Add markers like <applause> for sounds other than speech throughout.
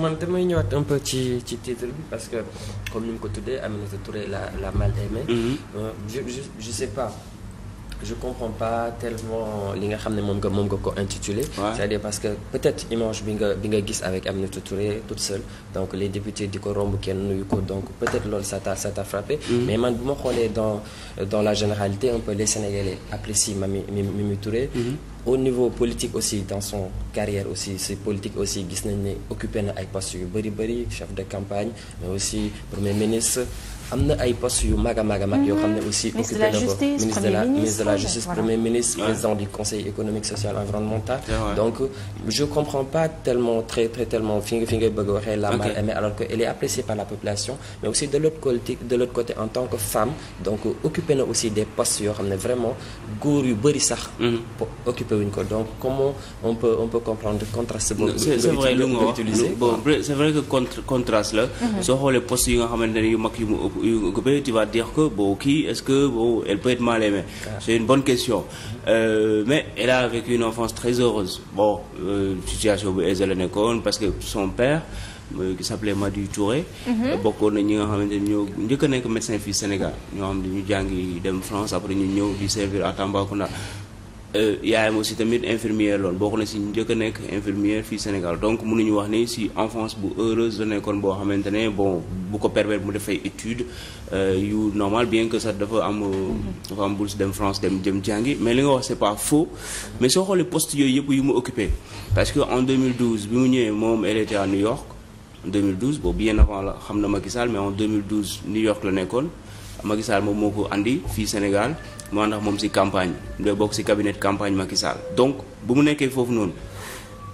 man damay ñëwaat un peu ci ci titre parce que comme ni mu ko tuddee Aminata Touré la la mal aimée. Mm-hmm. Euh, je je je sais pas. je comprends pas tellement li nga xam ne moom nga moom nga ko intitulé c'est-à-dire parce que peut-être image bi nga bi nga gis avec Aminata Touré toute seule donc les députés di ko romb kenn nuyu ko donc peut-être loolu ça t'a ça t'a frappé mm-hmm. mais man bu ma xoolee dans dans la généralité un peu les Sénégalais apprécient Mimi Mimi Touré mm-hmm. au niveau politique aussi dans son carrière aussi si politique aussi gis nañ ne occupé na ay postes yu bëri bëri chef de campagne mais aussi premier ministre am na ay postes yu mag a mag a yoo xam ne mhm. aussi occupé na ko ministre de la ministre de la justice premier ministre président du conseil économique social environnemental donc je comprends pas tellement très très tellement fi nga fi ngay bëgg a la mal aimée alors que elle est appréciée par la population xam ne vraiment góor sax mhm. développé wuñ ko donc comment on peut on peut comprendre contraste boobu. c' est vrai lu nga wax c' est vrai que contre contraste la. Mhm. soo xoolee postes yi nga xamante ne yu mag yu mu yu ko tu vas dire que bon kii est ce que bon elle peut être mal aimée. Ah. c' est une bonne question. Euh, mais elle a vécu une enfance très heureuse bon euh, situation bu aisée la nekkoon parce que son père. Euh, qui s'appelait Madi Touré. Mhm. bokkoon na ñi nga xamante ni ñoo njëkk a nekk médecin fii Sénégal ñoo xam ne ñu jàngi dem France après ñu ñëw di servir à Tambacounda. Euh, yaayam aussi tamit infirmière boo bokk na si njëkk a nekk infirmière fii Sénégal donc mënuñu wax ni si en enfance bu heureuse la nekkoon boo xamante ne bon bu ko permettre mu defay étude euh, yu normal bien que sax dafa am euh, dafa am bourse dem France dem jëm jàngi mais li nga wax c'est pas faux mais soo xoolee post yooyu yëpp yu mu occupé parce que en 2012 bi mu ñëwee moom elle était à New York en 2012 boobu bien avant la xam na Macky Sall mais en 2012 New York la nekkoon Macky moom moo ko indi fii Sénégal moo ndax moom si campagne bi bokk si cabinet campagne Macky Sall donc bu mu nekkee foofu noonu.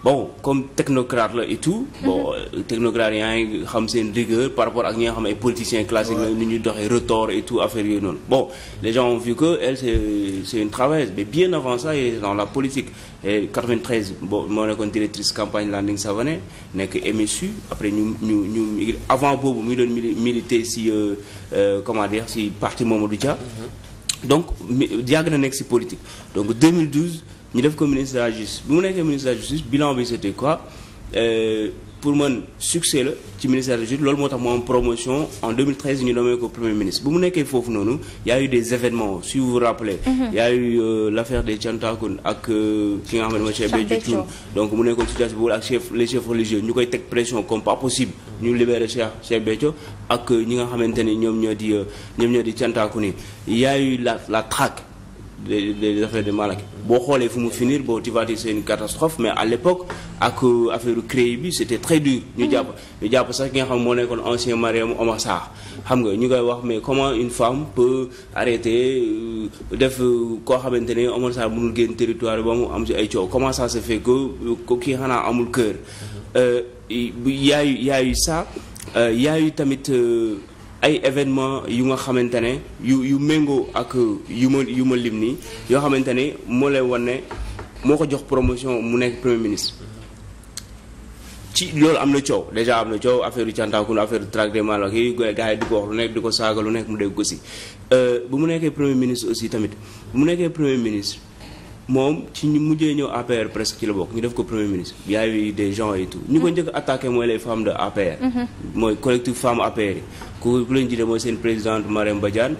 bon comme technocrate la et tout. bon mhm. euh, technocrate yaa xam seen rigueur par rapport ak ñi nga xam ay politiciens classiques la ni ñuy doxee retors et tout affaire yooyu noonu. bon les gens ont vu que elle c'est une travailleuse bien avant ça elle dans la politique et 93 bon moo nekkoon directrice campagne Landing Savané nekk MSU après ñu ñu ñu avant boobu muy doon militer si euh, euh, comment dire si parti du Dia. Mhm. donc yàgg na nekk si politique donc ñu def ko ministre de la justice bu mu nekkee ministre de la justice bilan bi c'était quoi euh, pour man succès la ci ministère de la justice loolu moo tax mu am promotion en 2013 ñu nommé ko premier ministre bu mu nekkee foofu noonu y a eu des événements si vous vous rappelez. Mm l'affaire des Thiantakoun ak euh, ki nga xam ne mooy Cheikh Béthio donc mu nekkoon situation boobu ak chef les chefs religieux ñu koy teg pression comme pas possible ñu libérer Cheikh Cheikh Béthio ak euh, ñi nga xamante ne ñoom ñoo di ñoom ñoo di Thiantakoun a la la des des affaires de Malak boo xoolee fu mu finir boo tivaati seen une catastrophe mais à l'époque ak euh, affaire créé bi c'était très dur ñu mm-hmm. jàpp ñu jàpp sax ki nga xam moo nekkoon ancien mariam Omar Sarr xam nga ñu koy wax mais comment une femme peut arrêter euh, def euh, koo xamante ne Omar Sarr mënul génn territoire ba mu am si ay coow comment ça se fait que xanaa amul cœur yaayu yaayu ça yaayu tamit ay événement yu nga xamante ne yu yu méngoo ak yu ma yu ma lim nii yoo xamante ne moo lay wan ne moo ko jox promotion mu nekk premier ministre ci loolu am na coow déjà am na coow affaire yu cantaakun affaire yu malo des malades yi gars yi di ko wax lu nekk di ko saaga lu nekk mu dégg ko si euh, bu mu nekkee premier ministre aussi tamit bu mu nekkee premier ministre moom ci ñu mujjee ñëw APR presque ci la bokk ñu def ko premier ministre y a eu des gens tout ñu ko njëkk attaqué mooy les femmes de APR mm-hmm. mooy collectif femmes APR yi ku ku leen jiite mooy seen présidente Marème Badiane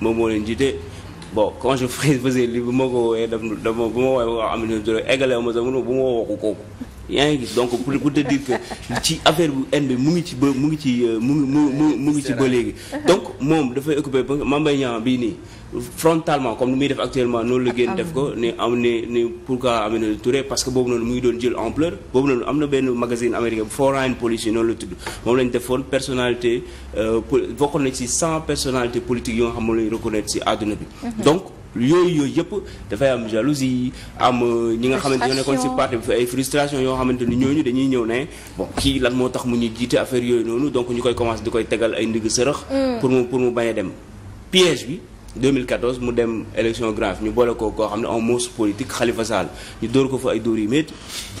moom moo leen jiite bon quand je <laughs> faisais li bu ma ko wooyee daf dama bu ma wooyee ma ko am Aminata Touré eggalee ma sax bu ma woo kooku yaa ngi gis donc pour pour te dire que ci affaire bu haine bi mu ngi ci ba mu ngi ci euh, mu ngi mu mu ngi ci ba léegi. donc moom dafay occupé ba Mame Mbaye Niang bii nii frontalement comme ni muy def actuellement noonu la génn def ko ne am ne ne pourquoi Aminata Touré parce que boobu noonu mu ngi doon jël ampleur boobu noonu am na benn magazine américain Foreign Policy noonu la tudd moom lañu defoon personalité euh, po bokkoon na ci cent personnalités politiques yoo nga xam moom lañ reconnaître ci àdduna bi mhm. yooyu yooyu yëpp dafay am jalousie am euh, ñi nga xamante ñoo nekkoon ci si bi ay frustration yoo xamante ni ñooñu dañuy ñëw ne bon kii lan moo tax mu ñuy jiite affaire yooyu noonu donc ñu koy commencé di koy tegal ay ndigg sërëx mm. pour mu pour mu bañ a dem piège bi 2014 mu dem élection grave ñu boole ko koo xam ne en monstre politique Khalifa Sall ñu dóor ko fa ay dóor yu métti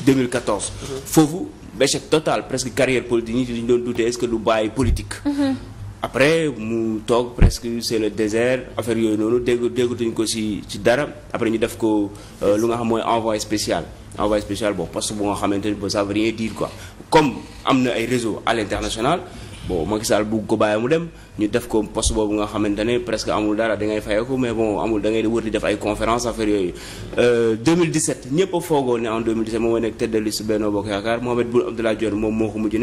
2014 mm-hmm. foofu échec total presque carrière politique ñi ci ñu doon douter est-ce que du bàyyi politique mm-hmm. après mu toog presque c'est le désert affaire yooyu noonu dégg déggatuñ ko ci ci dara après ñu def ko euh, lu nga xam mooy envoyé spécial envoyé spécial bon parce que bu nga xamante ni ça veut rien dire quoi comme am na ay réseau à l'international bon Macky bugg ko bàyyi mu dem ñu def ko poste boobu nga xamante ne presque amul dara da ngay fayeeku mais bon amul da ngay wër di def ay conférence affaire yooyu. 2017 euh, ñëpp a foogoon ne en 2017 moom mooy nekk tête de liste Benno Bokk Yaakaar Mohamed Boun Abdallah moom moo ko mujj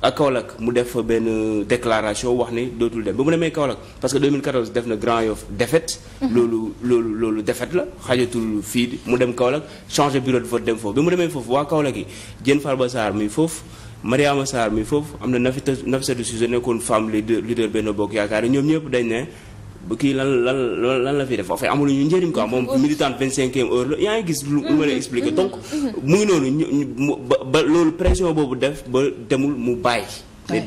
ak Kaolack mu def fa benn déclaration wax ni dootul dem ba mu demee Kaolack parce que 2014 def na Grand Yoff défaite. Mhm. loolu loolu defet la xajatul fii mu dem Kaolack changé bureau de vote dem foofu ba mu demee foofu waa Kaolack yi Diène Farba Sarr mi foofu. Mariama Sarr mi foofu am na Nafita Nafissatou Cissé nekkoon femme leader leader benn bokk yaakaar yi ñoom ñëpp dañ ne. kii lan lan lan la fi def affaire amul ñu njëriñ quoi moom militant vingt cinquième heure la yaa ngi gis lu ma la expliqué donc mu ngi noonu ñu ba loolu pression boobu def ba demul mu bàyyi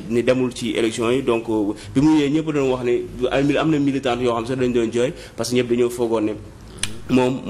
ni demul ci élection yi donc bi mu ñëwee ñëpp doon wax ne am na militant yoo xam sax dañ moom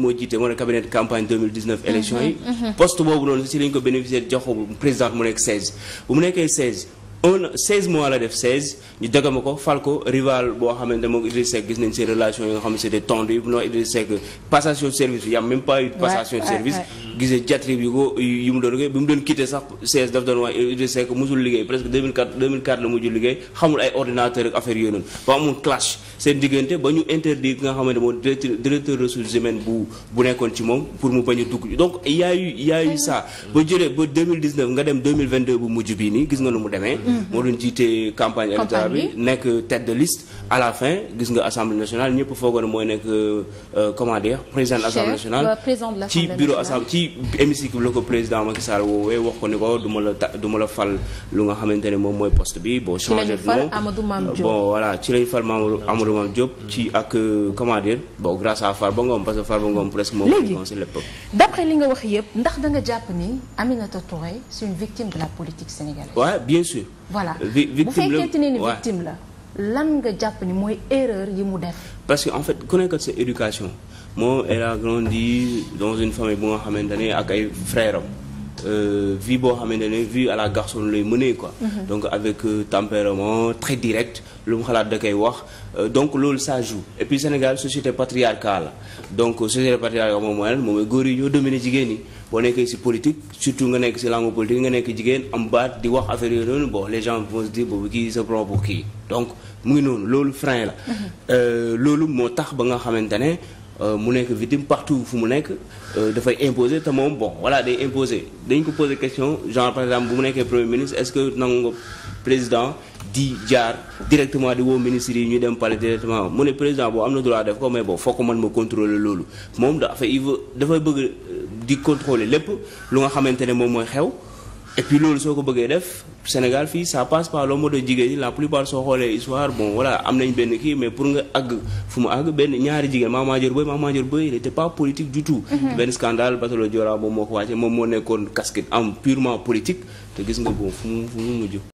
moo jiite moo ne cabinet campagne 2019 élection yi mm-hmm. Mm-hmm. poste boobu noonu si lañ ko bénéficier jox président mu nekk 16 bu mu nekkee 16 un 16 mois la def 16 ñu dëggama ko fal ko rival boo xamante moom Idriss Seck gis nañ seen relation yi nga xam ne c'était tendu non Idriss Seck passation de service bi y a même passation de service gisee diatribe yu ko yu mu doon liggéey bi mu doon quitté sax CS daf doon wax Idrissa Seck musul liggéey presque la mujj liggéey xamul ay ordinateur ak affaire yooyu noonu ba amul clash seen diggante ba ñu interdit ki nga xamante moo directeur directeur ressources humaines bu nekkoon ci moom pour mu bañ a dugg donc yaayu yaayu ça ba jëlee ba 2019 nga dem bu mujj bii nii gis nga nu mu demee mm-hmm. moo doon jiite campagne électorale bi nekk tête de liste à la fin gis nga assemblée nationale ñëpp foogoon mooy nekk euh, comment dire président de ci hémicycle la ko président Macky Sall woowee wax ko ni ko du ma la ta du ma la fal lu nga xamante ne moom mooy post bi bon changé de nom euh, bon voilà ci lañu fal ah, Amadou Mame Diop ah. ci ak euh, comment dire bon grâce à Farba Ngom parce que Farba Ngom presque moom conseil lépp li nga wax yëpp ndax danga nga jàpp ni Aminata Touré c'est une victime de la politique sénégalaise waaw bien sûr bu fekkee ne ni victime la lan nga jàpp ni mooy erreur yi mu def parce que en fait ku nekk sa moom elle a grandi dans une famille bu nga xamante ne ak ay frères am euh, vie boo xamante ne vie à la garçonne lay mënee quoi. Mhm. Euh, lu mu xalaat da koy wax euh, donc loolu sa joue et puis Sénégal société patriarcale la donc société patriarcale moom mooy moom mooy góor yi ñoo dominer jigéen ñi. boo nekkee ci politique surtout nga nekk ci langue politique nga nekk jigéen am baat di wax affaire yooyu noonu bon les gens vont boobu kii se prend kii donc mu ngi noonu loolu frein la. Mhm. loolu moo tax ba nga xamante Euh, mu nekk victime partout fu mu nekk euh, dafay imposer te moom bon voilà day imposer dañ ko poser question genre par exemple bu mu nekkee premier ministre est-ce que nangu nga président di jaar directement di woo ministre yi ñu dem pare directement mu ne président boo am na droit def ko mais bon fokk man ma contrôler loolu moom dafa il dafay bëgg euh, di contrôler lépp lu nga xamante ne moom mooy xew et loolu soo ko bëggee def Sénégal fii ça passe par le mode jigéen ñi la plupart soo xoolee histoire bon voilà am nañ benn kii mais pour nga àgg fu mu àgg benn ñaari jigéen Mame Madior Boye Mame Madior Boye il était pas politique du tout. Mhm. benn scandale Batalo Diola moom moo ko wàcce moom moo nekkoon casquette am purement politique te gis nga bon fu mu fu mu mujj.